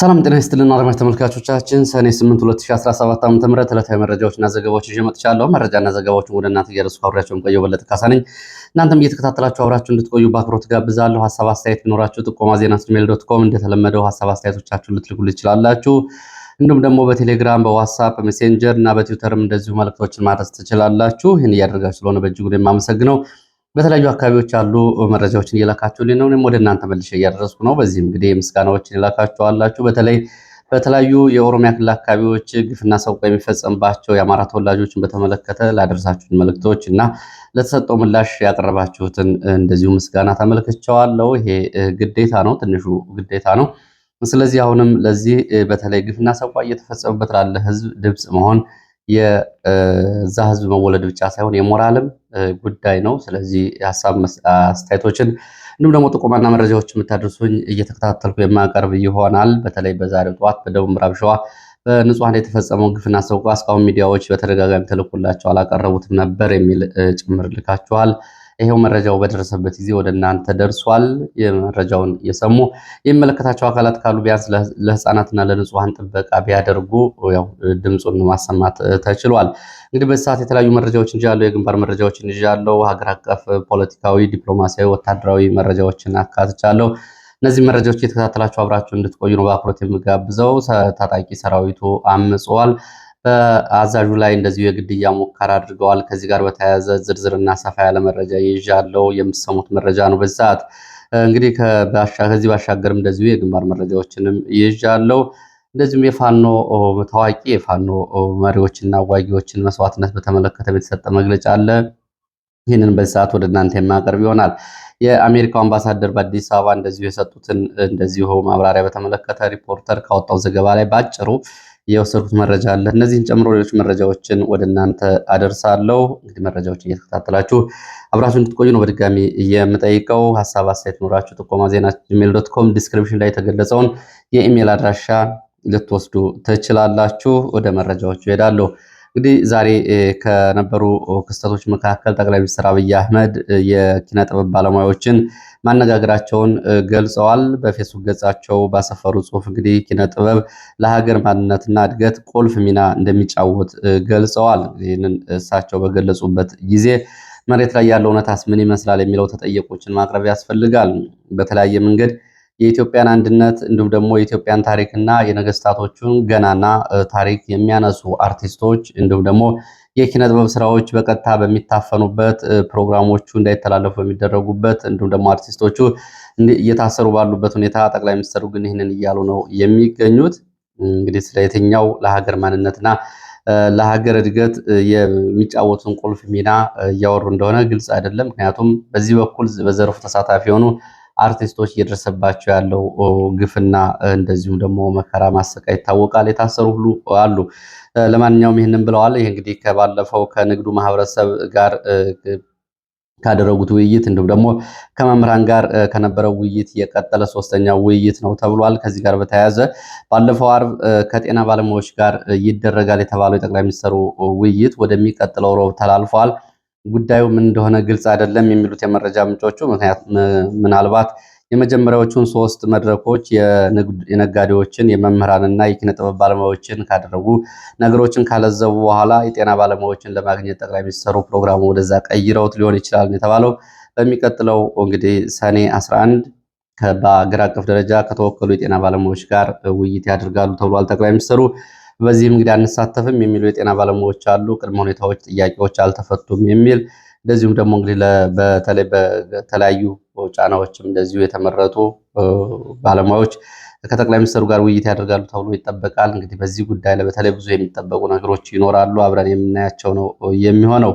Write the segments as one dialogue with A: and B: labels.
A: ሰላም ጤና ይስጥልን አድማጭ ተመልካቾቻችን፣ ሰኔ 8 2017 ዓ.ም ዕለታዊ መረጃዎችና ዘገባዎች ይዤ መጥቻለሁ። መረጃና ዘገባዎችን ወደ እናንተ እያደረስኩ አብሬያቸው የምቆየው በለጠ ካሳ ነኝ። እናንተም እየተከታተላችሁ አብራችሁ እንድትቆዩ በአክብሮት ጋብዛለሁ። ሀሳብ አስተያየት ቢኖራችሁ ጥቆማ ዜና ጂሜል ዶት ኮም እንደተለመደው ሀሳብ አስተያየቶቻችሁን ልትልኩል ይችላላችሁ። እንዲሁም ደግሞ በቴሌግራም በዋትሳፕ ሜሴንጀር እና በትዊተርም እንደዚሁ መልእክቶችን ማድረስ ትችላላችሁ። ይህን እያደረጋችሁ ስለሆነ በእጅጉ የማመሰግነው በተለያዩ አካባቢዎች ያሉ መረጃዎችን እየላካችሁልኝ ነው። እኔም ወደ እናንተ መልሼ እያደረስኩ ነው። በዚህም እንግዲህ ምስጋናዎችን የላካችኋላችሁ በተለይ በተለያዩ የኦሮሚያ ክልል አካባቢዎች ግፍና ሰቆቃ የሚፈጸምባቸው የአማራ ተወላጆችን በተመለከተ ላደረሳችሁን መልእክቶች እና ለተሰጠው ምላሽ ያቀረባችሁትን እንደዚሁ ምስጋና ተመልክቻለሁ። ይሄ ግዴታ ነው፣ ትንሹ ግዴታ ነው። ስለዚህ አሁንም ለዚህ በተለይ ግፍና ሰቆቃ እየተፈጸመበት ላለ ህዝብ ድምፅ መሆን የዛ ህዝብ መወለድ ብቻ ሳይሆን የሞራልም ጉዳይ ነው። ስለዚህ ሀሳብ አስተያየቶችን እንዲሁም ደግሞ ጥቆማና መረጃዎች የምታደርሱኝ እየተከታተልኩ የማቀርብ ይሆናል። በተለይ በዛሬው ጠዋት በደቡብ ምዕራብ ሸዋ በንጹሐን የተፈጸመው ግፍና ሰቆቃ እስካሁን ሚዲያዎች በተደጋጋሚ ተልኮላቸው አላቀረቡትም ነበር የሚል ጭምር ልካችኋል። ይሄው መረጃው በደረሰበት ጊዜ ወደ እናንተ ደርሷል። የመረጃውን የሰሙ የሚመለከታቸው አካላት ካሉ ቢያንስ ለህፃናትና ለንጹሐን ጥበቃ ቢያደርጉ ያው ድምፁን ማሰማት ተችሏል። እንግዲህ በዚህ ሰዓት የተለያዩ መረጃዎች ይዣለሁ። የግንባር መረጃዎችን ይዣለሁ። ሀገር አቀፍ ፖለቲካዊ፣ ዲፕሎማሲያዊ፣ ወታደራዊ መረጃዎችን አካትቻለሁ። እነዚህ መረጃዎች እየተከታተላችሁ አብራችሁ እንድትቆዩ ነው በአክብሮት የምጋብዘው። ታጣቂ ሰራዊቱ አምጸዋል። በአዛዡ ላይ እንደዚሁ የግድያ ሙከራ አድርገዋል። ከዚህ ጋር በተያያዘ ዝርዝርና ሰፋ ያለ መረጃ ይዣለው የምሰሙት መረጃ ነው። በዚህ ሰዓት እንግዲህ ከዚህ ባሻገርም እንደዚሁ የግንባር መረጃዎችንም ይዣለው። እንደዚሁም የፋኖ ታዋቂ የፋኖ መሪዎችና አዋጊዎችን መስዋዕትነት በተመለከተ የተሰጠ መግለጫ አለ። ይህንን በዚህ ሰዓት ወደ እናንተ የማቀርብ ይሆናል። የአሜሪካው አምባሳደር በአዲስ አበባ እንደዚሁ የሰጡትን እንደዚሁ ማብራሪያ በተመለከተ ሪፖርተር ካወጣው ዘገባ ላይ ባጭሩ የወሰድኩት መረጃ አለ። እነዚህን ጨምሮ ሌሎች መረጃዎችን ወደ እናንተ አደርሳለሁ። እንግዲህ መረጃዎችን እየተከታተላችሁ አብራችሁ እንድትቆዩ ነው በድጋሚ የምጠይቀው። ሀሳብ አስተያየት ኖራችሁ ጥቆማ ዜና ጂሜል ዶት ኮም ዲስክሪፕሽን ላይ የተገለጸውን የኢሜይል አድራሻ ልትወስዱ ትችላላችሁ። ወደ መረጃዎቹ ይሄዳለሁ። እንግዲህ ዛሬ ከነበሩ ክስተቶች መካከል ጠቅላይ ሚኒስትር አብይ አህመድ የኪነ ጥበብ ባለሙያዎችን ማነጋገራቸውን ገልጸዋል። በፌስቡክ ገጻቸው ባሰፈሩ ጽሁፍ እንግዲህ ኪነ ጥበብ ለሀገር ማንነትና እድገት ቁልፍ ሚና እንደሚጫወት ገልጸዋል። ይህንን እሳቸው በገለጹበት ጊዜ መሬት ላይ ያለው እውነታስ ምን ይመስላል የሚለው ተጠየቆችን ማቅረብ ያስፈልጋል። በተለያየ መንገድ የኢትዮጵያን አንድነት እንዲሁም ደግሞ የኢትዮጵያን ታሪክና የነገስታቶቹን ገናና ታሪክ የሚያነሱ አርቲስቶች እንዲሁም ደግሞ የኪነ ጥበብ ስራዎች በቀጥታ በሚታፈኑበት ፕሮግራሞቹ እንዳይተላለፉ በሚደረጉበት እንዲሁም ደግሞ አርቲስቶቹ እየታሰሩ ባሉበት ሁኔታ ጠቅላይ ሚኒስትሩ ግን ይህንን እያሉ ነው የሚገኙት። እንግዲህ ስለ የትኛው ለሀገር ማንነትና ለሀገር እድገት የሚጫወቱን ቁልፍ ሚና እያወሩ እንደሆነ ግልጽ አይደለም። ምክንያቱም በዚህ በኩል በዘርፉ ተሳታፊ የሆኑ አርቲስቶች እየደረሰባቸው ያለው ግፍና እንደዚሁም ደግሞ መከራ ማሰቃይ ይታወቃል። የታሰሩ ሁሉ አሉ። ለማንኛውም ይህንን ብለዋል። ይህ እንግዲህ ከባለፈው ከንግዱ ማህበረሰብ ጋር ካደረጉት ውይይት እንዲሁም ደግሞ ከመምህራን ጋር ከነበረው ውይይት የቀጠለ ሶስተኛው ውይይት ነው ተብሏል። ከዚህ ጋር በተያያዘ ባለፈው አርብ ከጤና ባለሙያዎች ጋር ይደረጋል የተባለው የጠቅላይ ሚኒስትሩ ውይይት ወደሚቀጥለው ሮብ ተላልፏል። ጉዳዩ ምን እንደሆነ ግልጽ አይደለም የሚሉት የመረጃ ምንጮቹ፣ ምናልባት የመጀመሪያዎቹን ሶስት መድረኮች የነጋዴዎችን፣ የመምህራንና የኪነጥበብ ባለሙያዎችን ካደረጉ ነገሮችን ካለዘቡ በኋላ የጤና ባለሙያዎችን ለማግኘት ጠቅላይ ሚኒስትሩ ፕሮግራሙ ወደዛ ቀይረውት ሊሆን ይችላል የተባለው። በሚቀጥለው እንግዲህ ሰኔ 11 በአገር አቀፍ ደረጃ ከተወከሉ የጤና ባለሙያዎች ጋር ውይይት ያደርጋሉ ተብሏል ጠቅላይ ሚኒስትሩ በዚህም እንግዲህ አንሳተፍም የሚሉ የጤና ባለሙያዎች አሉ። ቅድመ ሁኔታዎች፣ ጥያቄዎች አልተፈቱም የሚል እንደዚሁም ደግሞ እንግዲህ በተለይ በተለያዩ ጫናዎችም እንደዚሁ የተመረጡ ባለሙያዎች ከጠቅላይ ሚኒስትሩ ጋር ውይይት ያደርጋሉ ተብሎ ይጠበቃል። እንግዲህ በዚህ ጉዳይ ላይ በተለይ ብዙ የሚጠበቁ ነገሮች ይኖራሉ። አብረን የምናያቸው ነው የሚሆነው።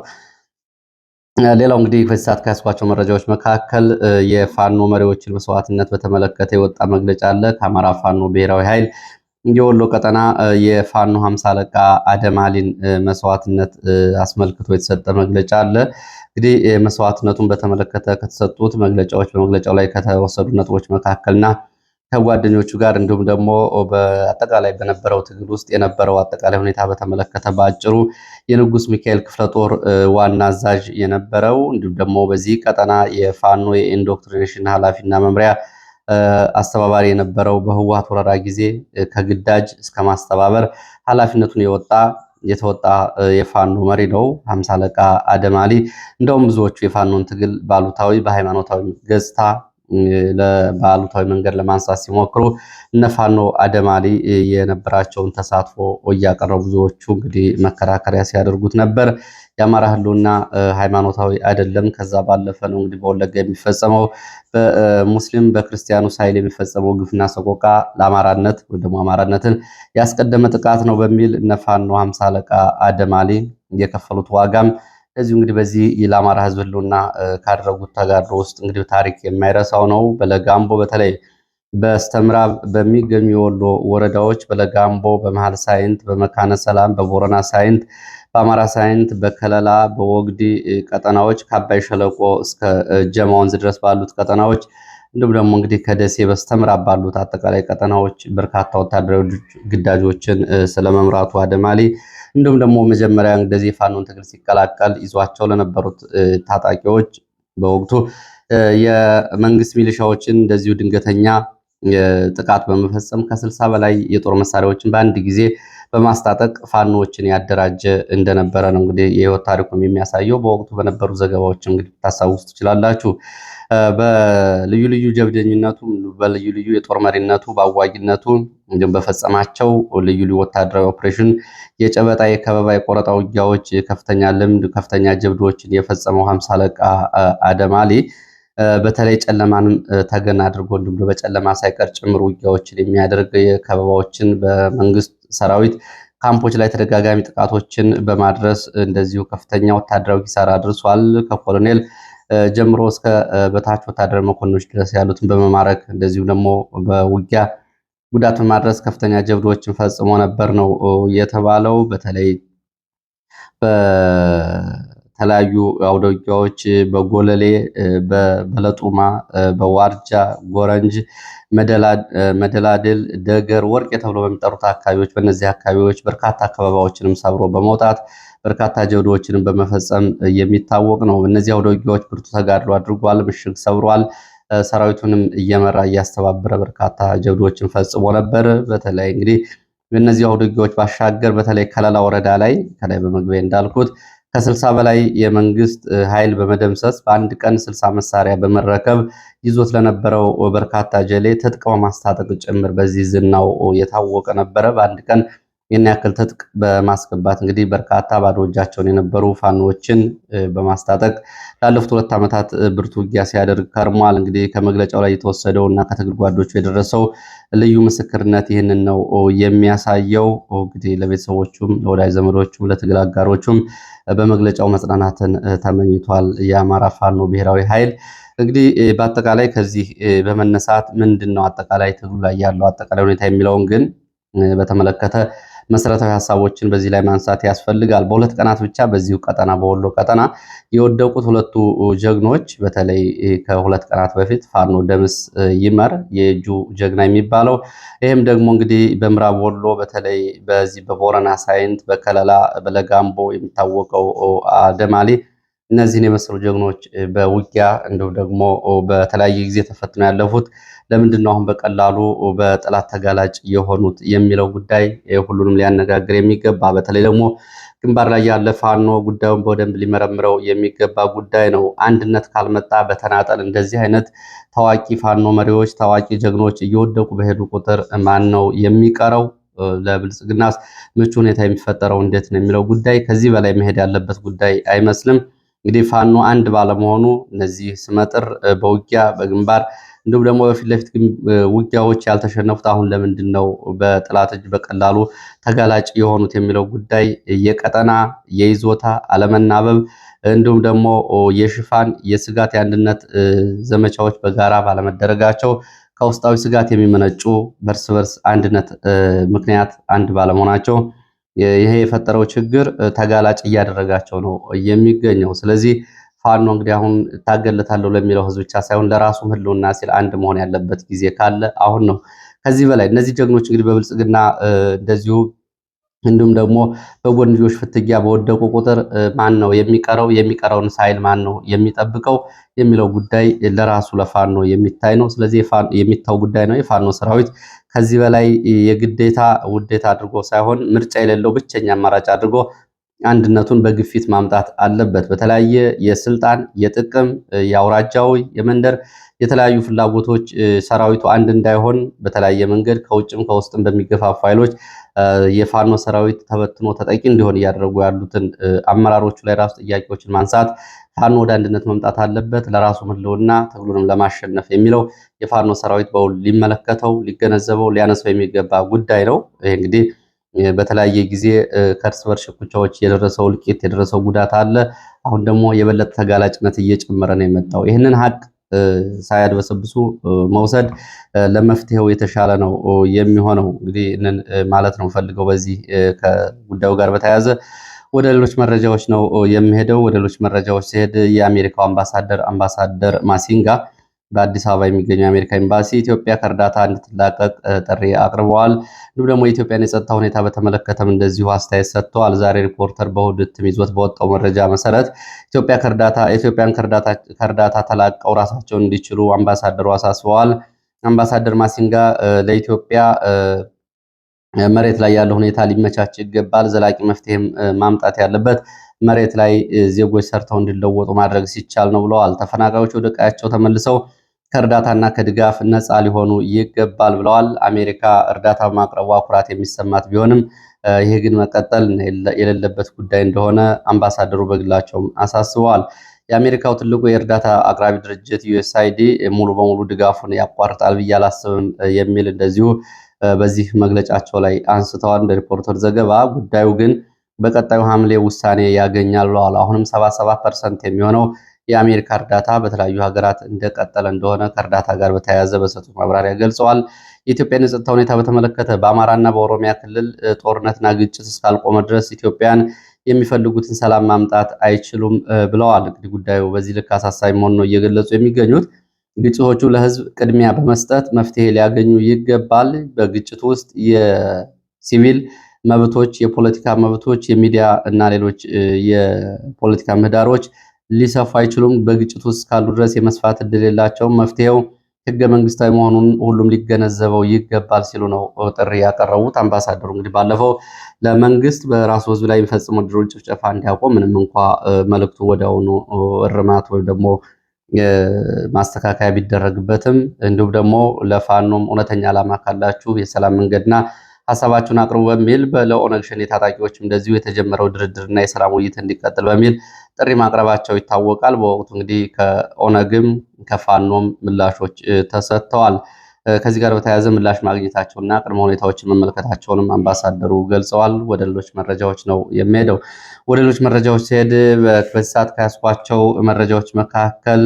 A: ሌላው እንግዲህ በዚህ ሰዓት ከያስኳቸው መረጃዎች መካከል የፋኖ መሪዎችን መስዋዕትነት በተመለከተ የወጣ መግለጫ አለ። ከአማራ ፋኖ ብሔራዊ ኃይል የወሎ ቀጠና የፋኖ ሀምሳ አለቃ አደማሊን መስዋዕትነት አስመልክቶ የተሰጠ መግለጫ አለ። እንግዲህ መስዋዕትነቱን በተመለከተ ከተሰጡት መግለጫዎች በመግለጫው ላይ ከተወሰዱ ነጥቦች መካከልና ከጓደኞቹ ጋር እንዲሁም ደግሞ በአጠቃላይ በነበረው ትግል ውስጥ የነበረው አጠቃላይ ሁኔታ በተመለከተ በአጭሩ የንጉስ ሚካኤል ክፍለ ጦር ዋና አዛዥ የነበረው እንዲሁም ደግሞ በዚህ ቀጠና የፋኖ የኢንዶክትሪኔሽን ኃላፊና መምሪያ አስተባባሪ የነበረው በህወሀት ወረራ ጊዜ ከግዳጅ እስከ ማስተባበር ኃላፊነቱን የወጣ የተወጣ የፋኖ መሪ ነው ሀምሳ አለቃ አደም አሊ። እንደውም ብዙዎቹ የፋኖን ትግል ባሉታዊ በሃይማኖታዊ ገጽታ በአሉታዊ መንገድ ለማንሳት ሲሞክሩ እነፋኖ አደማሊ የነበራቸውን ተሳትፎ እያቀረቡ ብዙዎቹ እንግዲህ መከራከሪያ ሲያደርጉት ነበር። የአማራ ህልውና ሃይማኖታዊ አይደለም፣ ከዛ ባለፈ ነው እንግዲህ በወለጋ የሚፈጸመው በሙስሊም በክርስቲያኑ ሳይል የሚፈጸመው ግፍና ሰቆቃ ለአማራነት ወይ ደግሞ አማራነትን ያስቀደመ ጥቃት ነው በሚል እነፋኖ ሀምሳ አለቃ አደማሊ የከፈሉት ዋጋም ከዚሁ እንግዲህ በዚህ ለአማራ ህዝብ ህልውና ካደረጉት ተጋድሮ ውስጥ እንግዲህ ታሪክ የማይረሳው ነው። በለጋምቦ በተለይ በስተምዕራብ በሚገኙ የወሎ ወረዳዎች በለጋምቦ፣ በመሃል ሳይንት፣ በመካነ ሰላም፣ በቦረና ሳይንት፣ በአማራ ሳይንት፣ በከለላ፣ በወግዲ ቀጠናዎች ከአባይ ሸለቆ እስከ ጀማ ወንዝ ድረስ ባሉት ቀጠናዎች እንዲሁም ደግሞ እንግዲህ ከደሴ በስተምራብ ባሉት አጠቃላይ ቀጠናዎች በርካታ ወታደራዊ ግዳጆችን ስለመምራቱ አደማሌ እንዲሁም ደግሞ መጀመሪያ እንደዚህ ፋኖን ትግል ሲቀላቀል ይዟቸው ለነበሩት ታጣቂዎች በወቅቱ የመንግስት ሚሊሻዎችን እንደዚሁ ድንገተኛ ጥቃት በመፈጸም ከስልሳ በላይ የጦር መሳሪያዎችን በአንድ ጊዜ በማስታጠቅ ፋኖዎችን ያደራጀ እንደነበረ ነው እንግዲህ የህይወት ታሪኩም የሚያሳየው። በወቅቱ በነበሩ ዘገባዎች እንግዲህ ታስታውሱ ትችላላችሁ። በልዩ ልዩ ጀብደኝነቱ፣ በልዩ ልዩ የጦር መሪነቱ፣ በአዋጊነቱ በፈጸማቸው ልዩ ልዩ ወታደራዊ ኦፕሬሽን የጨበጣ፣ የከበባ፣ የቆረጣ ውጊያዎች ከፍተኛ ልምድ፣ ከፍተኛ ጀብዶዎችን የፈጸመው ሀምሳ አለቃ አደማሊ በተለይ ጨለማንም ተገን አድርጎ እንዲሁም በጨለማ ሳይቀር ጭምር ውጊያዎችን የሚያደርግ የከበባዎችን በመንግስት ሰራዊት ካምፖች ላይ ተደጋጋሚ ጥቃቶችን በማድረስ እንደዚሁ ከፍተኛ ወታደራዊ ኪሳራ አድርሷል። ከኮሎኔል ጀምሮ እስከ በታች ወታደራዊ መኮንኖች ድረስ ያሉትን በመማረክ እንደዚሁ ደግሞ በውጊያ ጉዳት በማድረስ ከፍተኛ ጀብዶችን ፈጽሞ ነበር ነው የተባለው። በተለይ የተለያዩ አውደ በጎለሌ፣ በለጡማ፣ በዋርጃ፣ ጎረንጅ፣ መደላድል፣ ደገር፣ ወርቄ ተብሎ በሚጠሩት አካባቢዎች በእነዚህ አካባቢዎች በርካታ አካባቢዎችንም ሰብሮ በመውጣት በርካታ ጀብዶዎችንም በመፈጸም የሚታወቅ ነው። እነዚህ አውደ ብርቱ ተጋድሎ አድርጓል። ምሽግ ሰብሯል። ሰራዊቱንም እየመራ እያስተባበረ በርካታ ጀብዶችን ፈጽሞ ነበር። በተለይ እንግዲህ በእነዚህ አውደ ባሻገር በተለይ ከለላ ወረዳ ላይ ከላይ በመግቢያ እንዳልኩት ከስልሳ በላይ የመንግስት ኃይል በመደምሰስ በአንድ ቀን ስልሳ መሳሪያ በመረከብ ይዞት ለነበረው በርካታ ጀሌ ትጥቅ በማስታጠቅ ጭምር በዚህ ዝናው የታወቀ ነበረ። በአንድ ቀን ይህን ያክል ትጥቅ በማስገባት እንግዲህ በርካታ ባዶ እጃቸውን የነበሩ ፋኖዎችን በማስታጠቅ ላለፉት ሁለት ዓመታት ብርቱ ውጊያ ሲያደርግ ከርሟል። እንግዲህ ከመግለጫው ላይ የተወሰደው እና ከትግል ጓዶቹ የደረሰው ልዩ ምስክርነት ይህንን ነው የሚያሳየው። እንግዲህ ለቤተሰቦቹም፣ ለወዳጅ ዘመዶቹም፣ ለትግል አጋሮቹም በመግለጫው መጽናናትን ተመኝቷል። የአማራ ፋኖ ብሔራዊ ኃይል እንግዲህ በአጠቃላይ ከዚህ በመነሳት ምንድን ነው አጠቃላይ ትግሉ ላይ ያለው አጠቃላይ ሁኔታ የሚለውን ግን በተመለከተ መሰረታዊ ሀሳቦችን በዚህ ላይ ማንሳት ያስፈልጋል። በሁለት ቀናት ብቻ በዚሁ ቀጠና በወሎ ቀጠና የወደቁት ሁለቱ ጀግኖች በተለይ ከሁለት ቀናት በፊት ፋኖ ደምስ ይመር የእጁ ጀግና የሚባለው ይህም ደግሞ እንግዲህ በምዕራብ ወሎ በተለይ በዚህ በቦረና ሳይንት፣ በከለላ በለጋምቦ የሚታወቀው አደማሌ እነዚህን የመሰሉ ጀግኖች በውጊያ እንዲሁም ደግሞ በተለያየ ጊዜ ተፈትነው ያለፉት ለምንድን ነው አሁን በቀላሉ በጠላት ተጋላጭ የሆኑት የሚለው ጉዳይ ሁሉንም ሊያነጋግር የሚገባ በተለይ ደግሞ ግንባር ላይ ያለ ፋኖ ጉዳዩን በደንብ ሊመረምረው የሚገባ ጉዳይ ነው። አንድነት ካልመጣ በተናጠል እንደዚህ አይነት ታዋቂ ፋኖ መሪዎች፣ ታዋቂ ጀግኖች እየወደቁ በሄዱ ቁጥር ማን ነው የሚቀረው? ለብልጽግና ምቹ ሁኔታ የሚፈጠረው እንዴት ነው የሚለው ጉዳይ ከዚህ በላይ መሄድ ያለበት ጉዳይ አይመስልም። እንግዲህ ፋኖ አንድ ባለመሆኑ እነዚህ ስመጥር በውጊያ በግንባር እንዲሁም ደግሞ በፊት ለፊት ውጊያዎች ያልተሸነፉት አሁን ለምንድን ነው በጠላት እጅ በቀላሉ ተጋላጭ የሆኑት የሚለው ጉዳይ የቀጠና የይዞታ አለመናበብ እንዲሁም ደግሞ የሽፋን የስጋት የአንድነት ዘመቻዎች በጋራ ባለመደረጋቸው ከውስጣዊ ስጋት የሚመነጩ በርስ በርስ አንድነት ምክንያት አንድ ባለመሆናቸው ይሄ የፈጠረው ችግር ተጋላጭ እያደረጋቸው ነው የሚገኘው። ስለዚህ ፋኖ እንግዲህ አሁን እታገለታለሁ ለሚለው ህዝብ ብቻ ሳይሆን ለራሱም ህልውና ሲል አንድ መሆን ያለበት ጊዜ ካለ አሁን ነው። ከዚህ በላይ እነዚህ ጀግኖች እንግዲህ በብልጽግና እንደዚሁ እንዲሁም ደግሞ በጎንጆች ፍትጊያ በወደቁ ቁጥር ማን ነው የሚቀረው? የሚቀረውን ሳይል ማን ነው የሚጠብቀው የሚለው ጉዳይ ለራሱ ለፋኖ የሚታይ ነው። ስለዚህ የሚታው ጉዳይ ነው። የፋኖ ሰራዊት ከዚህ በላይ የግዴታ ውዴታ አድርጎ ሳይሆን ምርጫ የሌለው ብቸኛ አማራጭ አድርጎ አንድነቱን በግፊት ማምጣት አለበት። በተለያየ የስልጣን የጥቅም የአውራጃዊ የመንደር የተለያዩ ፍላጎቶች ሰራዊቱ አንድ እንዳይሆን በተለያየ መንገድ ከውጭም ከውስጥም በሚገፋፉ ኃይሎች የፋኖ ሰራዊት ተበትኖ ተጠቂ እንዲሆን እያደረጉ ያሉትን አመራሮቹ ላይ ራሱ ጥያቄዎችን ማንሳት ፋኖ ወደ አንድነት መምጣት አለበት፣ ለራሱ ህልውና ትግሉንም ለማሸነፍ የሚለው የፋኖ ሰራዊት በውል ሊመለከተው ሊገነዘበው ሊያነሳው የሚገባ ጉዳይ ነው። ይህ እንግዲህ በተለያየ ጊዜ ከእርስ በርስ ሽኩቻዎች የደረሰው እልቂት የደረሰው ጉዳት አለ። አሁን ደግሞ የበለጠ ተጋላጭነት እየጨመረ ነው የመጣው። ይህንን ሀቅ ሳያድበሰብሱ መውሰድ ለመፍትሄው የተሻለ ነው የሚሆነው። እንግዲህ ይህንን ማለት ነው ፈልገው በዚህ ከጉዳዩ ጋር በተያያዘ ወደ ሌሎች መረጃዎች ነው የሚሄደው። ወደ ሌሎች መረጃዎች ሲሄድ የአሜሪካው አምባሳደር አምባሳደር ማሲንጋ በአዲስ አበባ የሚገኘው የአሜሪካ ኤምባሲ ኢትዮጵያ ከእርዳታ እንድትላቀቅ ጥሪ አቅርበዋል። እንዲሁም ደግሞ የኢትዮጵያን የጸጥታ ሁኔታ በተመለከተም እንደዚሁ አስተያየት ሰጥተዋል። ዛሬ ሪፖርተር በእሁድ እትም ይዞት በወጣው መረጃ መሰረት ኢትዮጵያ ኢትዮጵያን ከእርዳታ ተላቀው ራሳቸውን እንዲችሉ አምባሳደሩ አሳስበዋል። አምባሳደር ማሲንጋ ለኢትዮጵያ መሬት ላይ ያለው ሁኔታ ሊመቻች ይገባል። ዘላቂ መፍትሄም ማምጣት ያለበት መሬት ላይ ዜጎች ሰርተው እንዲለወጡ ማድረግ ሲቻል ነው ብለዋል። ተፈናቃዮች ወደ ቀያቸው ተመልሰው ከእርዳታና ከድጋፍ ነፃ ሊሆኑ ይገባል ብለዋል። አሜሪካ እርዳታ በማቅረቧ ኩራት የሚሰማት ቢሆንም ይሄ ግን መቀጠል የሌለበት ጉዳይ እንደሆነ አምባሳደሩ በግላቸውም አሳስበዋል። የአሜሪካው ትልቁ የእርዳታ አቅራቢ ድርጅት ዩኤስአይዲ ሙሉ በሙሉ ድጋፉን ያቋርጣል ብዬ አላስብም የሚል እንደዚሁ በዚህ መግለጫቸው ላይ አንስተዋል። እንደ ሪፖርተር ዘገባ ጉዳዩ ግን በቀጣዩ ሐምሌ ውሳኔ ያገኛል ብለዋል። አሁንም 77 ፐርሰንት የሚሆነው የአሜሪካ እርዳታ በተለያዩ ሀገራት እንደቀጠለ እንደሆነ ከእርዳታ ጋር በተያያዘ በሰጡት ማብራሪያ ገልጸዋል። የኢትዮጵያን የጸጥታ ሁኔታ በተመለከተ በአማራና በኦሮሚያ ክልል ጦርነትና ግጭት እስካልቆመ ድረስ ኢትዮጵያን የሚፈልጉትን ሰላም ማምጣት አይችሉም ብለዋል። እንግዲህ ጉዳዩ በዚህ ልክ አሳሳቢ መሆኑ ነው እየገለጹ የሚገኙት። ግጭቶቹ ለህዝብ ቅድሚያ በመስጠት መፍትሄ ሊያገኙ ይገባል። በግጭቱ ውስጥ የሲቪል መብቶች፣ የፖለቲካ መብቶች፣ የሚዲያ እና ሌሎች የፖለቲካ ምህዳሮች ሊሰፉ አይችሉም። በግጭት ውስጥ ካሉ ድረስ የመስፋት እድል የላቸውም። መፍትሄው ህገ መንግስታዊ መሆኑን ሁሉም ሊገነዘበው ይገባል ሲሉ ነው ጥሪ ያቀረቡት። አምባሳደሩ እንግዲህ ባለፈው ለመንግስት በራሱ ህዝብ ላይ የሚፈጽመው ድሮን ጭፍጨፋ እንዲያቆም ምንም እንኳ መልእክቱ ወዲያውኑ እርማት ወይም ደግሞ ማስተካከያ ቢደረግበትም እንዲሁም ደግሞ ለፋኖም እውነተኛ ዓላማ ካላችሁ የሰላም መንገድና ሀሳባችሁን አቅርቡ በሚል ለኦነግ ሸኔ ታጣቂዎችም እንደዚሁ የተጀመረው ድርድርና የሰላም ውይይት እንዲቀጥል በሚል ጥሪ ማቅረባቸው ይታወቃል። በወቅቱ እንግዲህ ከኦነግም ከፋኖም ምላሾች ተሰጥተዋል። ከዚህ ጋር በተያያዘ ምላሽ ማግኘታቸውና ቅድመ ሁኔታዎችን መመልከታቸውንም አምባሳደሩ ገልጸዋል። ወደ ሌሎች መረጃዎች ነው የሚሄደው። ወደ ሌሎች መረጃዎች ሲሄድ በዚህ ሰዓት ከያዝኳቸው መረጃዎች መካከል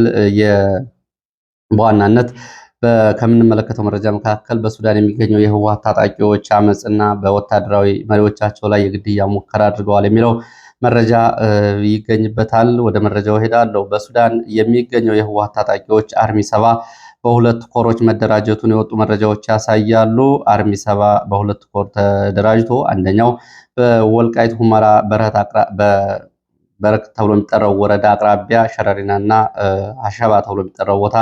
A: በዋናነት ከምንመለከተው መረጃ መካከል በሱዳን የሚገኘው የህወሓት ታጣቂዎች አመፅና በወታደራዊ መሪዎቻቸው ላይ የግድያ ሙከራ አድርገዋል የሚለው መረጃ ይገኝበታል። ወደ መረጃው ሄዳለሁ። በሱዳን የሚገኘው የህወሓት ታጣቂዎች አርሚ ሰባ በሁለት ኮሮች መደራጀቱን የወጡ መረጃዎች ያሳያሉ። አርሚ ሰባ በሁለት ኮር ተደራጅቶ አንደኛው በወልቃይት ሁመራ በረክ ተብሎ የሚጠራው ወረዳ አቅራቢያ ሸረሪና እና አሸባ ተብሎ የሚጠራው ቦታ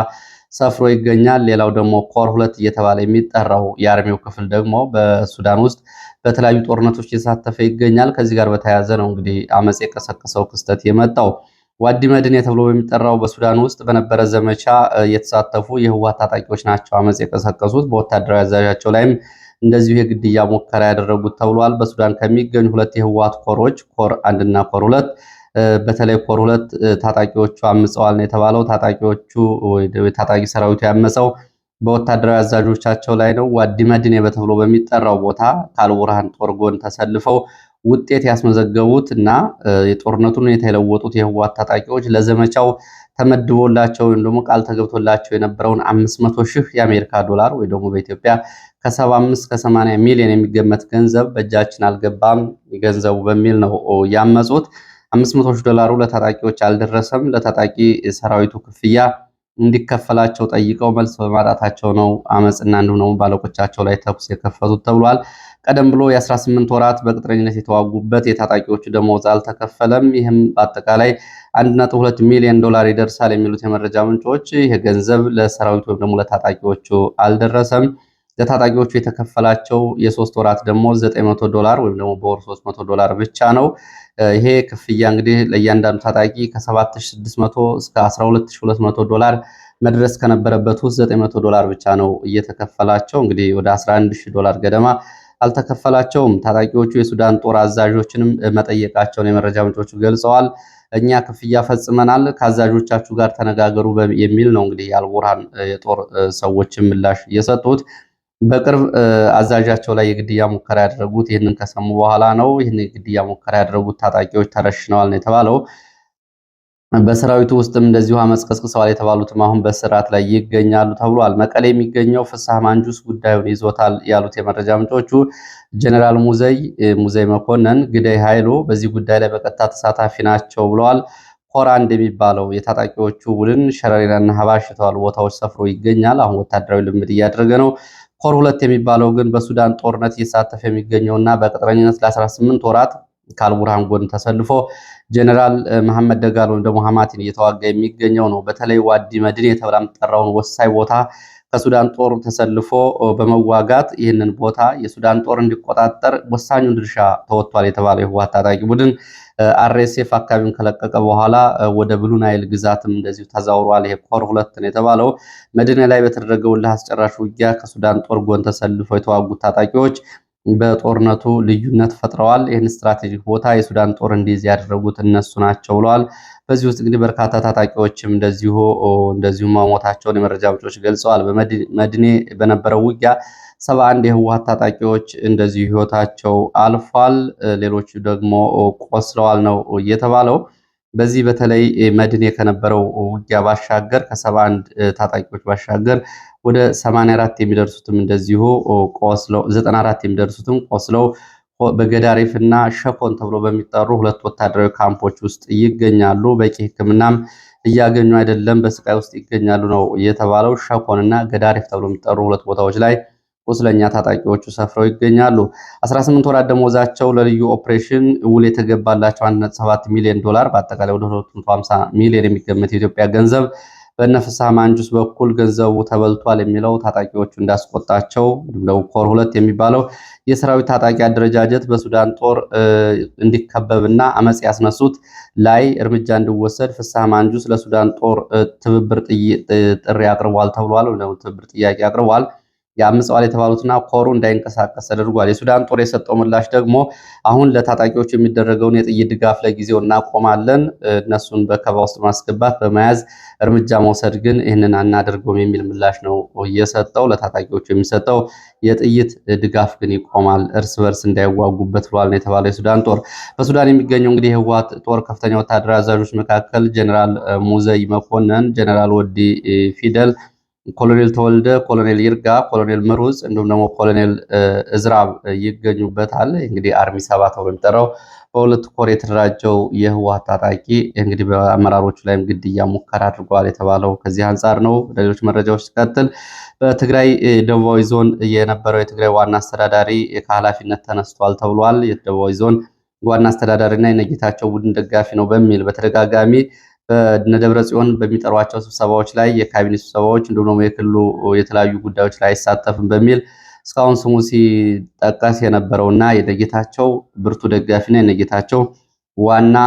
A: ሰፍሮ ይገኛል። ሌላው ደግሞ ኮር ሁለት እየተባለ የሚጠራው የአርሚው ክፍል ደግሞ በሱዳን ውስጥ በተለያዩ ጦርነቶች እየተሳተፈ ይገኛል። ከዚህ ጋር በተያያዘ ነው እንግዲህ አመፅ የቀሰቀሰው ክስተት የመጣው። ዋዲ መድኔ ተብሎ በሚጠራው በሱዳን ውስጥ በነበረ ዘመቻ የተሳተፉ የህወሓት ታጣቂዎች ናቸው አመፅ የቀሰቀሱት። በወታደራዊ አዛዣቸው ላይም እንደዚሁ የግድያ ሙከራ ያደረጉት ተብሏል። በሱዳን ከሚገኙ ሁለት የህወሓት ኮሮች ኮር አንድና ኮር ሁለት በተለይ ኮር ሁለት ታጣቂዎቹ አምፀዋል ነው የተባለው። ታጣቂዎቹ ታጣቂ ሰራዊቱ ያመፀው በወታደራዊ አዛዦቻቸው ላይ ነው። ዋዲ መድኔ በተብሎ በሚጠራው ቦታ ከአልቡርሃን ጦር ጎን ተሰልፈው ውጤት ያስመዘገቡት እና የጦርነቱን ሁኔታ የለወጡት የህወሓት ታጣቂዎች ለዘመቻው ተመድቦላቸው ወይም ደግሞ ቃል ተገብቶላቸው የነበረውን አምስት መቶ ሺህ የአሜሪካ ዶላር ወይ ደግሞ በኢትዮጵያ ከሰባ አምስት ከሰማንያ ሚሊዮን የሚገመት ገንዘብ በእጃችን አልገባም ገንዘቡ በሚል ነው ያመፁት። አምስት ሺህ ዶላሩ ለታጣቂዎች አልደረሰም። ለታጣቂ ሰራዊቱ ክፍያ እንዲከፈላቸው ጠይቀው መልስ በማጣታቸው ነው አመፅና እንዲሁ ነው ባለቆቻቸው ላይ ተኩስ የከፈቱት ተብሏል። ቀደም ብሎ የ18 ወራት በቅጥረኝነት የተዋጉበት የታጣቂዎቹ ደሞዝ አልተከፈለም። ይህም በአጠቃላይ 1.2 ሚሊዮን ዶላር ይደርሳል የሚሉት የመረጃ ምንጮች ይህ ገንዘብ ለሰራዊቱ ወይም ደግሞ ለታጣቂዎቹ አልደረሰም። ለታጣቂዎቹ የተከፈላቸው የሶስት ወራት ደግሞ 900 ዶላር ወይም ደግሞ በወር 300 ዶላር ብቻ ነው። ይሄ ክፍያ እንግዲህ ለእያንዳንዱ ታጣቂ ከ7600 እስከ 12200 ዶላር መድረስ ከነበረበት ውስጥ 900 ዶላር ብቻ ነው እየተከፈላቸው እንግዲህ ወደ 11000 ዶላር ገደማ አልተከፈላቸውም። ታጣቂዎቹ የሱዳን ጦር አዛዦችንም መጠየቃቸውን የመረጃ ምንጮቹ ገልጸዋል። እኛ ክፍያ ፈጽመናል ከአዛዦቻችሁ ጋር ተነጋገሩ የሚል ነው እንግዲህ የአልቡርሃን የጦር ሰዎችን ምላሽ የሰጡት። በቅርብ አዛዣቸው ላይ የግድያ ሙከራ ያደረጉት ይህንን ከሰሙ በኋላ ነው። ይህን የግድያ ሙከራ ያደረጉት ታጣቂዎች ተረሽነዋል ነው የተባለው። በሰራዊቱ ውስጥም እንደዚሁ አመጽ ቀስቅሰዋል የተባሉትም አሁን በስርዓት ላይ ይገኛሉ ተብሏል። መቀሌ የሚገኘው ፍሳህ ማንጁስ ጉዳዩን ይዞታል ያሉት የመረጃ ምንጮቹ ጀኔራል ሙዘይ ሙዘይ መኮንን ግደይ ኃይሉ በዚህ ጉዳይ ላይ በቀጥታ ተሳታፊ ናቸው ብለዋል። ኮራ እንደሚባለው የሚባለው የታጣቂዎቹ ቡድን ሸረሪናና ሀባሽ የተባሉ ቦታዎች ሰፍሮ ይገኛል። አሁን ወታደራዊ ልምድ እያደረገ ነው። ኮር ሁለት የሚባለው ግን በሱዳን ጦርነት እየተሳተፈ የሚገኘውና በቅጥረኝነት ለ18 ወራት ከአልቡርሃን ጎን ተሰልፎ ጀነራል መሐመድ ደጋል ወይም ደግሞ ሀማቲን እየተዋጋ የሚገኘው ነው። በተለይ ዋዲ መድን የተብላ የምትጠራውን ወሳኝ ቦታ ከሱዳን ጦር ተሰልፎ በመዋጋት ይህንን ቦታ የሱዳን ጦር እንዲቆጣጠር ወሳኙን ድርሻ ተወጥቷል የተባለው የህወሓት ታጣቂ ቡድን አርኤስኤፍ አካባቢውን ከለቀቀ በኋላ ወደ ብሉ ናይል ግዛትም እንደዚሁ ተዛውሯል። ይሄ ኮር ሁለት ነው የተባለው። መዲና ላይ በተደረገው እልህ አስጨራሽ ውጊያ ከሱዳን ጦር ጎን ተሰልፈው የተዋጉት ታጣቂዎች በጦርነቱ ልዩነት ፈጥረዋል። ይህን ስትራቴጂክ ቦታ የሱዳን ጦር እንዲይዝ ያደረጉት እነሱ ናቸው ብለዋል። በዚህ ውስጥ እንግዲህ በርካታ ታጣቂዎችም እንደዚሁ እንደዚሁ መሞታቸውን የመረጃ ምንጮች ገልጸዋል። በመድኔ በነበረው ውጊያ ሰባ አንድ የህወሀት ታጣቂዎች እንደዚሁ ህይወታቸው አልፏል። ሌሎቹ ደግሞ ቆስለዋል ነው እየተባለው። በዚህ በተለይ መድኔ ከነበረው ውጊያ ባሻገር ከሰባ አንድ ታጣቂዎች ባሻገር ወደ 84 የሚደርሱትም እንደዚሁ ቆስለው 94 የሚደርሱትም ቆስለው በገዳሪፍ እና ሸኮን ተብሎ በሚጠሩ ሁለት ወታደራዊ ካምፖች ውስጥ ይገኛሉ። በቂ ሕክምናም እያገኙ አይደለም፣ በስቃይ ውስጥ ይገኛሉ ነው የተባለው። ሸኮን እና ገዳሪፍ ተብሎ የሚጠሩ ሁለት ቦታዎች ላይ ቁስለኛ ታጣቂዎቹ ሰፍረው ይገኛሉ። 18 ወራት ደሞዛቸው ለልዩ ኦፕሬሽን ውል የተገባላቸው 17 ሚሊዮን ዶላር በአጠቃላይ ወደ 250 ሚሊዮን የሚገመት የኢትዮጵያ ገንዘብ በነፍሳ ማንጁስ በኩል ገንዘቡ ተበልቷል የሚለው ታጣቂዎቹ እንዳስቆጣቸው እንደው ኮር ሁለት የሚባለው የሰራዊት ታጣቂ አደረጃጀት በሱዳን ጦር እንዲከበብና አመፅ ያስነሱት ላይ እርምጃ እንዲወሰድ ፍስሐ ማንጁስ ለሱዳን ጦር ትብብር ጥሪ አቅርቧል ተብሏል። ትብብር ጥያቄ አቅርቧል። የአምፀዋል የተባሉትና ኮሩ እንዳይንቀሳቀስ ተደርጓል። የሱዳን ጦር የሰጠው ምላሽ ደግሞ አሁን ለታጣቂዎች የሚደረገውን የጥይት ድጋፍ ለጊዜው እናቆማለን፣ እነሱን በከባ ውስጥ ማስገባት በመያዝ እርምጃ መውሰድ ግን ይህንን አናደርገውም የሚል ምላሽ ነው እየሰጠው። ለታጣቂዎቹ የሚሰጠው የጥይት ድጋፍ ግን ይቆማል፣ እርስ በርስ እንዳይዋጉበት ብሏል ነው የተባለው የሱዳን ጦር። በሱዳን የሚገኘው እንግዲህ የህወሓት ጦር ከፍተኛ ወታደራዊ አዛዦች መካከል ጀኔራል ሙዘይ መኮንን፣ ጀኔራል ወዲ ፊደል ኮሎኔል ተወልደ፣ ኮሎኔል ይርጋ፣ ኮሎኔል ምሩጽ እንዲሁም ደግሞ ኮሎኔል እዝራብ ይገኙበታል። እንግዲህ አርሚ ሰባ ተብሎ የሚጠራው በሁለት ኮር የተደራጀው የህወሓት ታጣቂ እንግዲህ በአመራሮቹ ላይም ግድያ ሙከራ አድርጓል የተባለው ከዚህ አንጻር ነው። ሌሎች መረጃዎች ሲቀጥል በትግራይ ደቡባዊ ዞን የነበረው የትግራይ ዋና አስተዳዳሪ ከኃላፊነት ተነስቷል ተብሏል። የደቡባዊ ዞን ዋና አስተዳዳሪና የነጌታቸው ቡድን ደጋፊ ነው በሚል በተደጋጋሚ በነደብረ ጽዮን በሚጠሯቸው ስብሰባዎች ላይ የካቢኔ ስብሰባዎች እንዲሁም ደግሞ የክልሉ የተለያዩ ጉዳዮች ላይ አይሳተፍም በሚል እስካሁን ስሙ ሲጠቀስ እና የነጌታቸው ብርቱ ደጋፊና የነጌታቸው ዋና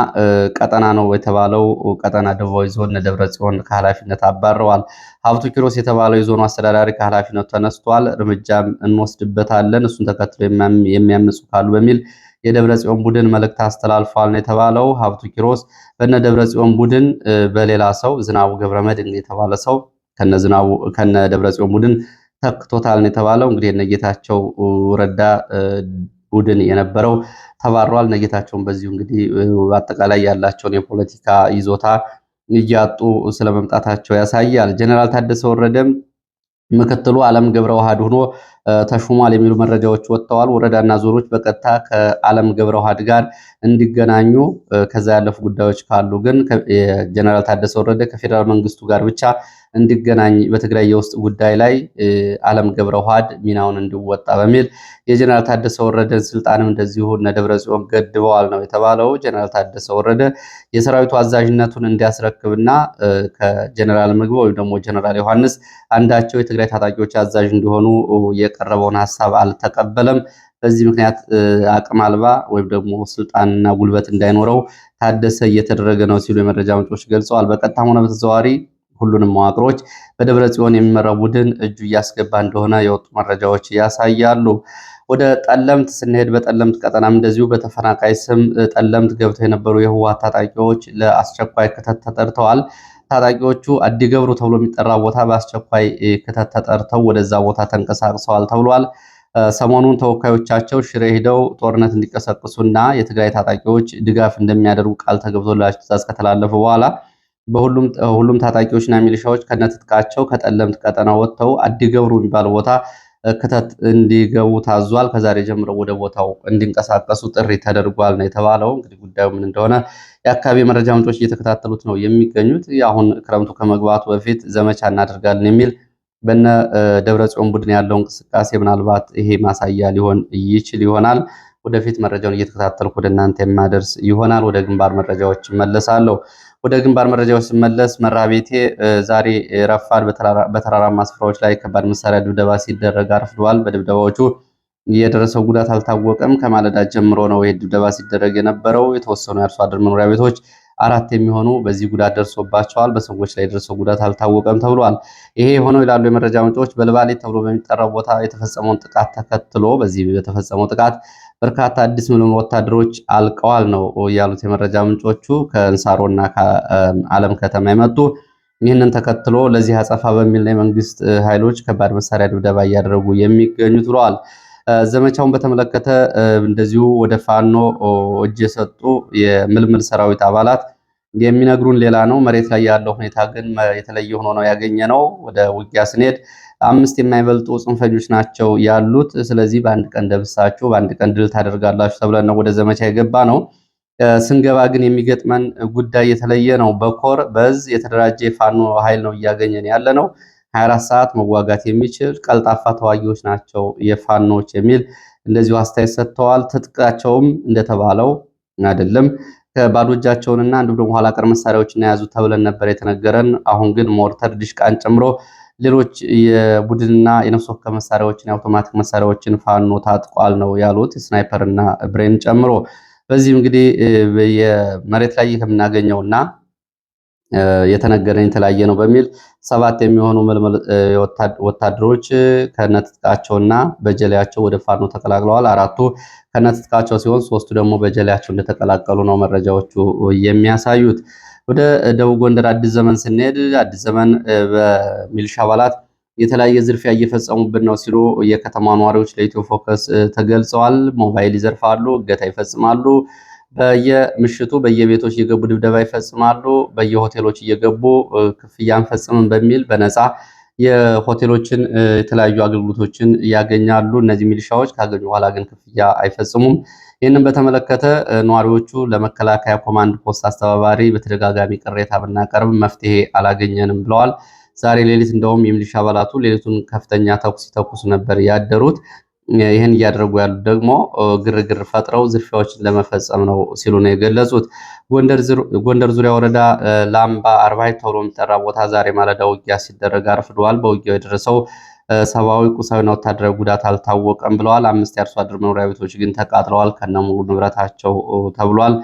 A: ቀጠና ነው የተባለው ቀጠና ደቡባዊ ዞን ደብረ ጽዮን ከኃላፊነት አባረዋል። ሀብቱ ኪሮስ የተባለው የዞኑ አስተዳዳሪ ከኃላፊነቱ ተነስቷል። እርምጃም እንወስድበታለን እሱን ተከትሎ የሚያምፁ ካሉ በሚል የደብረ ጽዮን ቡድን መልእክት አስተላልፏል ነው የተባለው። ሀብቱ ኪሮስ በነ ደብረ ጽዮን ቡድን በሌላ ሰው ዝናቡ ገብረመድን የተባለ ሰው ከነ ደብረ ጽዮን ቡድን ተክቶታል ነው የተባለው። እንግዲህ ነጌታቸው ረዳ ቡድን የነበረው ተባሯል። ነጌታቸውን በዚሁ እንግዲህ አጠቃላይ ያላቸውን የፖለቲካ ይዞታ እያጡ ስለመምጣታቸው ያሳያል። ጀኔራል ታደሰ ወረደም ምክትሉ አለም ገብረ ውሃድ ሆኖ ተሹሟል የሚሉ መረጃዎች ወጥተዋል። ወረዳና ዞኖች በቀጥታ ከአለም ገብረ ውሃድ ጋር እንዲገናኙ ከዛ ያለፉ ጉዳዮች ካሉ ግን ጀነራል ታደሰ ወረደ ከፌዴራል መንግስቱ ጋር ብቻ እንዲገናኝ በትግራይ የውስጥ ጉዳይ ላይ አለም ገብረ ውሃድ ሚናውን እንዲወጣ በሚል የጀነራል ታደሰ ወረደን ስልጣንም እንደዚሁ እነ ደብረ ጽዮን ገድበዋል ነው የተባለው። ጀነራል ታደሰ ወረደ የሰራዊቱ አዛዥነቱን እንዲያስረክብና ከጀነራል ምግብ ወይም ደግሞ ጀነራል ዮሐንስ አንዳቸው የትግራይ ታጣቂዎች አዛዥ እንዲሆኑ የቀረበውን ሀሳብ አልተቀበለም። በዚህ ምክንያት አቅም አልባ ወይም ደግሞ ስልጣንና ጉልበት እንዳይኖረው ታደሰ እየተደረገ ነው ሲሉ የመረጃ ምንጮች ገልጸዋል። በቀጥታም ሆነ በተዘዋዋሪ ሁሉንም መዋቅሮች በደብረ ጽዮን የሚመራው ቡድን እጁ እያስገባ እንደሆነ የወጡ መረጃዎች ያሳያሉ። ወደ ጠለምት ስንሄድ በጠለምት ቀጠናም እንደዚሁ በተፈናቃይ ስም ጠለምት ገብተው የነበሩ የህወሓት ታጣቂዎች ለአስቸኳይ ክተት ተጠርተዋል። ታጣቂዎቹ አዲገብሩ ተብሎ የሚጠራ ቦታ በአስቸኳይ ክተት ተጠርተው ወደዛ ቦታ ተንቀሳቅሰዋል ተብሏል። ሰሞኑን ተወካዮቻቸው ሽሬ ሄደው ጦርነት እንዲቀሰቅሱና የትግራይ ታጣቂዎች ድጋፍ እንደሚያደርጉ ቃል ተገብቶላቸው ትዕዛዝ ከተላለፉ በኋላ በሁሉም ታጣቂዎችና ሚሊሻዎች ከነትጥቃቸው ከጠለምት ቀጠና ወጥተው አዲገብሩ የሚባል ቦታ ክተት እንዲገቡ ታዟል። ከዛሬ ጀምሮ ወደ ቦታው እንዲንቀሳቀሱ ጥሪ ተደርጓል ነው የተባለው። እንግዲህ ጉዳዩ ምን እንደሆነ የአካባቢ መረጃ ምንጮች እየተከታተሉት ነው የሚገኙት። አሁን ክረምቱ ከመግባቱ በፊት ዘመቻ እናደርጋለን የሚል በነ ደብረ ጽዮን ቡድን ያለው እንቅስቃሴ ምናልባት ይሄ ማሳያ ሊሆን ይችል ይሆናል። ወደፊት መረጃውን እየተከታተልኩ ወደ እናንተ የማደርስ ይሆናል። ወደ ግንባር መረጃዎች መለሳለሁ። ወደ ግንባር መረጃዎች ስመለስ መራቤቴ ዛሬ ረፋድ በተራራማ ስፍራዎች ላይ ከባድ መሳሪያ ድብደባ ሲደረግ አርፍደዋል። በድብደባዎቹ የደረሰው ጉዳት አልታወቀም። ከማለዳት ጀምሮ ነው ይህ ድብደባ ሲደረግ የነበረው። የተወሰኑ የአርሶ አደር መኖሪያ ቤቶች አራት የሚሆኑ በዚህ ጉዳት ደርሶባቸዋል። በሰዎች ላይ የደረሰው ጉዳት አልታወቀም ተብሏል። ይሄ የሆነው ይላሉ የመረጃ ምንጮች በልባሌ ተብሎ በሚጠራው ቦታ የተፈጸመውን ጥቃት ተከትሎ በዚህ በተፈጸመው ጥቃት በርካታ አዲስ ምልምል ወታደሮች አልቀዋል ነው ያሉት የመረጃ ምንጮቹ እና ከአለም ከተማ የመጡ ይህንን ተከትሎ ለዚህ አጸፋ በሚል ላይ መንግስት ኃይሎች ከባድ መሳሪያ ድብደባ እያደረጉ የሚገኙት ብለዋል። ዘመቻውን በተመለከተ እንደዚሁ ወደ ፋኖ እጅ የሰጡ የምልምል ሰራዊት አባላት የሚነግሩን ሌላ ነው። መሬት ላይ ያለው ሁኔታ ግን የተለየ ሆኖ ነው ያገኘ ነው። ወደ ውጊያ ስንሄድ አምስት የማይበልጡ ጽንፈኞች ናቸው ያሉት። ስለዚህ በአንድ ቀን ደብሳችሁ በአንድ ቀን ድል ታደርጋላችሁ ተብለን ነው ወደ ዘመቻ የገባ ነው። ስንገባ ግን የሚገጥመን ጉዳይ የተለየ ነው። በኮር በዝ የተደራጀ የፋኖ ኃይል ነው እያገኘን ያለ ነው። 24 ሰዓት መዋጋት የሚችል ቀልጣፋ ተዋጊዎች ናቸው የፋኖች የሚል እንደዚሁ አስተያየት ሰጥተዋል። ትጥቃቸውም እንደተባለው አይደለም ባዶ እጃቸውንና እንዲሁም ደግሞ ኋላ ቀር መሳሪያዎችን የያዙ ተብለን ነበር የተነገረን። አሁን ግን ሞርተር ዲሽቃን ጨምሮ ሌሎች የቡድንና የነፍስ ወከፍ መሳሪያዎችን የአውቶማቲክ መሳሪያዎችን ፋኖ ታጥቋል ነው ያሉት፣ ስናይፐርና ብሬን ጨምሮ። በዚህም እንግዲህ የመሬት ላይ የምናገኘውና የተነገረን የተለያየ ነው በሚል ሰባት የሚሆኑ ምልምል ወታደሮች ከነትጥቃቸውና በጀሌያቸው ወደ ፋኖ ተቀላቅለዋል። አራቱ ከነትጥቃቸው ሲሆን ሶስቱ ደግሞ በጀሌያቸው እንደተቀላቀሉ ነው መረጃዎቹ የሚያሳዩት። ወደ ደቡብ ጎንደር አዲስ ዘመን ስንሄድ አዲስ ዘመን በሚሊሻ አባላት የተለያየ ዝርፊያ እየፈጸሙብን ነው ሲሉ የከተማ ነዋሪዎች ለኢትዮ ፎከስ ተገልጸዋል። ሞባይል ይዘርፋሉ፣ እገታ ይፈጽማሉ በየምሽቱ በየቤቶች እየገቡ ድብደባ ይፈጽማሉ። በየሆቴሎች እየገቡ ክፍያ አንፈጽምም በሚል በነፃ የሆቴሎችን የተለያዩ አገልግሎቶችን ያገኛሉ። እነዚህ ሚሊሻዎች ካገኙ በኋላ ግን ክፍያ አይፈጽሙም። ይህንን በተመለከተ ነዋሪዎቹ ለመከላከያ ኮማንድ ፖስት አስተባባሪ በተደጋጋሚ ቅሬታ ብናቀርብ መፍትሄ አላገኘንም ብለዋል። ዛሬ ሌሊት እንደውም የሚሊሻ አባላቱ ሌሊቱን ከፍተኛ ተኩስ ሲተኩሱ ነበር ያደሩት። ይህን እያደረጉ ያሉት ደግሞ ግርግር ፈጥረው ዝርፊያዎችን ለመፈጸም ነው ሲሉ ነው የገለጹት። ጎንደር ዙሪያ ወረዳ ላምባ አርባይ ተብሎ የሚጠራ ቦታ ዛሬ ማለዳ ውጊያ ሲደረግ አርፍደዋል። በውጊያው የደረሰው ሰብአዊ ቁሳዊና ወታደራዊ ጉዳት አልታወቀም ብለዋል። አምስት የአርሶ አደር መኖሪያ ቤቶች ግን ተቃጥለዋል ከነሙሉ ንብረታቸው ተብሏል።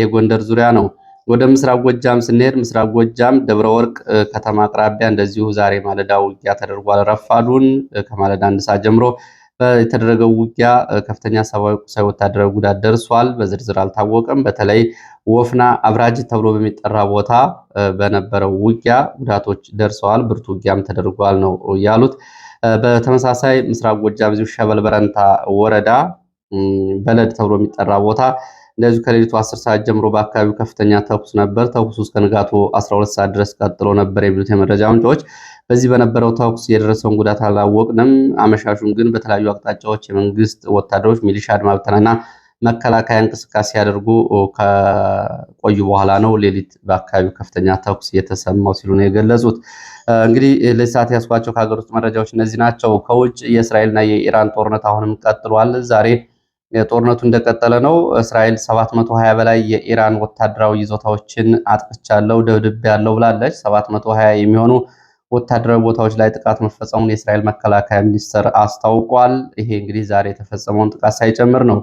A: ይህ ጎንደር ዙሪያ ነው። ወደ ምስራቅ ጎጃም ስንሄድ ምስራቅ ጎጃም ደብረ ወርቅ ከተማ አቅራቢያ እንደዚሁ ዛሬ ማለዳ ውጊያ ተደርጓል። ረፋዱን ከማለዳ አንድ ሰዓት ጀምሮ የተደረገው ውጊያ ከፍተኛ ሰብአዊ፣ ቁሳዊ፣ ወታደራዊ ጉዳት ደርሷል። በዝርዝር አልታወቀም። በተለይ ወፍና አብራጅ ተብሎ በሚጠራ ቦታ በነበረው ውጊያ ጉዳቶች ደርሰዋል። ብርቱ ውጊያም ተደርጓል ነው ያሉት። በተመሳሳይ ምስራቅ ጎጃም ሸበል በረንታ ወረዳ በለድ ተብሎ የሚጠራ ቦታ እንደዚሁ ከሌሊቱ 10 ሰዓት ጀምሮ በአካባቢው ከፍተኛ ተኩስ ነበር። ተኩሱ እስከ ንጋቱ 12 ሰዓት ድረስ ቀጥሎ ነበር የሚሉት የመረጃ ምንጮች፣ በዚህ በነበረው ተኩስ የደረሰውን ጉዳት አላወቅንም። አመሻሹም ግን በተለያዩ አቅጣጫዎች የመንግስት ወታደሮች፣ ሚሊሻ፣ አድማ ብተናና መከላከያ እንቅስቃሴ ሲያደርጉ ከቆዩ በኋላ ነው ሌሊት በአካባቢው ከፍተኛ ተኩስ የተሰማው ሲሉ ነው የገለጹት። እንግዲህ ለሰዓት ያስኳቸው ከሀገር ውስጥ መረጃዎች እነዚህ ናቸው። ከውጭ የእስራኤልና የኢራን ጦርነት አሁንም ቀጥሏል። ዛሬ ጦርነቱ እንደቀጠለ ነው። እስራኤል 720 በላይ የኢራን ወታደራዊ ይዞታዎችን አጥቅቻለሁ፣ ያለው ብላለች። 720 የሚሆኑ ወታደራዊ ቦታዎች ላይ ጥቃት መፈጸሙን የእስራኤል መከላከያ ሚኒስቴር አስታውቋል። ይሄ እንግዲህ ዛሬ የተፈጸመውን ጥቃት ሳይጨምር ነው።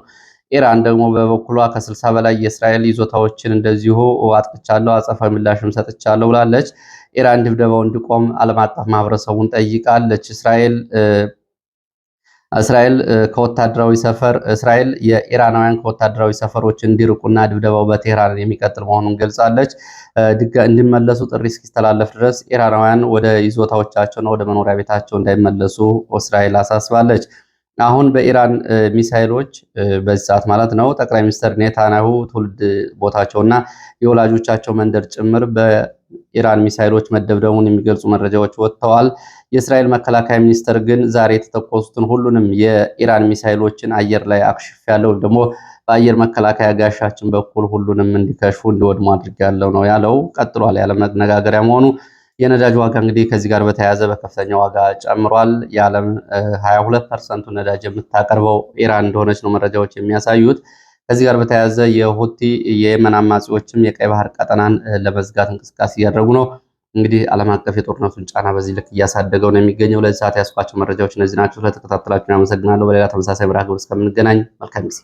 A: ኢራን ደግሞ በበኩሏ ከ60 በላይ የእስራኤል ይዞታዎችን እንደዚሁ አጥቅቻለሁ፣ አጸፋዊ ምላሽም ሰጥቻለሁ ብላለች። ኢራን ድብደባው እንዲቆም ዓለም አቀፍ ማህበረሰቡን ጠይቃለች። እስራኤል እስራኤል ከወታደራዊ ሰፈር እስራኤል የኢራናውያን ከወታደራዊ ሰፈሮች እንዲርቁና ድብደባው በቴህራን የሚቀጥል መሆኑን ገልጻለች። እንዲመለሱ ጥሪ እስኪተላለፍ ድረስ ኢራናውያን ወደ ይዞታዎቻቸውና ወደ መኖሪያ ቤታቸው እንዳይመለሱ እስራኤል አሳስባለች። አሁን በኢራን ሚሳይሎች በዚህ ሰዓት ማለት ነው ጠቅላይ ሚኒስትር ኔታንያሁ ትውልድ ቦታቸውና የወላጆቻቸው መንደር ጭምር በኢራን ሚሳይሎች መደብደቡን የሚገልጹ መረጃዎች ወጥተዋል። የእስራኤል መከላከያ ሚኒስተር ግን ዛሬ የተተኮሱትን ሁሉንም የኢራን ሚሳይሎችን አየር ላይ አክሽፍ ያለው ወይም ደግሞ በአየር መከላከያ ጋሻችን በኩል ሁሉንም እንዲከሽፉ እንዲወድሙ አድርግ ያለው ነው ያለው። ቀጥሏል። ያለ መነጋገሪያ መሆኑ የነዳጅ ዋጋ እንግዲህ ከዚህ ጋር በተያያዘ በከፍተኛ ዋጋ ጨምሯል። የዓለም 22 ፐርሰንቱ ነዳጅ የምታቀርበው ኢራን እንደሆነች ነው መረጃዎች የሚያሳዩት። ከዚህ ጋር በተያያዘ የሁቲ የየመን አማጺዎችም የቀይ ባህር ቀጠናን ለመዝጋት እንቅስቃሴ እያደረጉ ነው። እንግዲህ ዓለም አቀፍ የጦርነቱን ጫና በዚህ ልክ እያሳደገው ነው የሚገኘው። ለዚህ ሰዓት ያስኳቸው መረጃዎች እነዚህ ናቸው። ስለተከታተላችሁ አመሰግናለሁ። በሌላ ተመሳሳይ መርሃ ግብር እስከምንገናኝ መልካም ጊዜ